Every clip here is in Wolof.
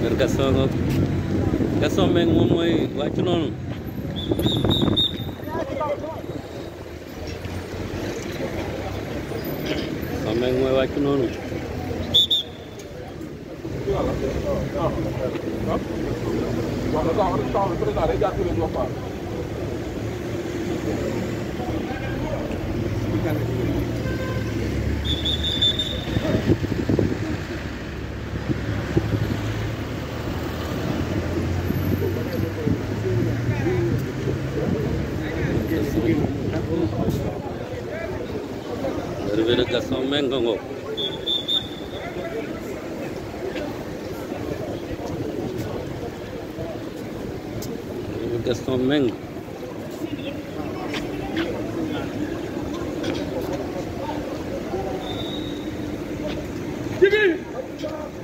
kër Gaston nga Gaston não moom mooy wàcc noonu Gaston não, mooy wàcc noonu Thank you. Rivera Gasong Mengongo. Rivera Gasong Mengongo. Give me!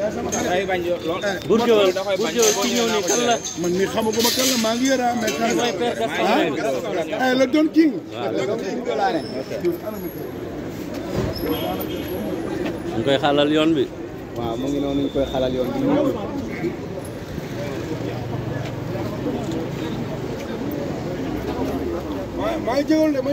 day bañ lool. Ah, buur géwël maa ngi yore ah mais kan la ah? eh, Don King. Ah, ñu koy xalal yoon bi. waaw mu ngi noonu ñu koy xalal yoon bi. maa ngi de ma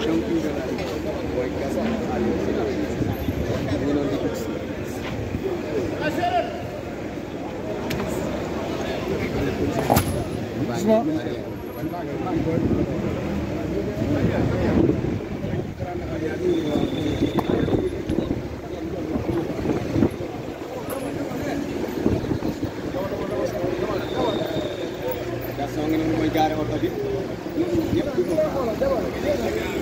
feijão com enganado. Vai casar. Eu não digo que sim. Small. That's the only one we got out of it.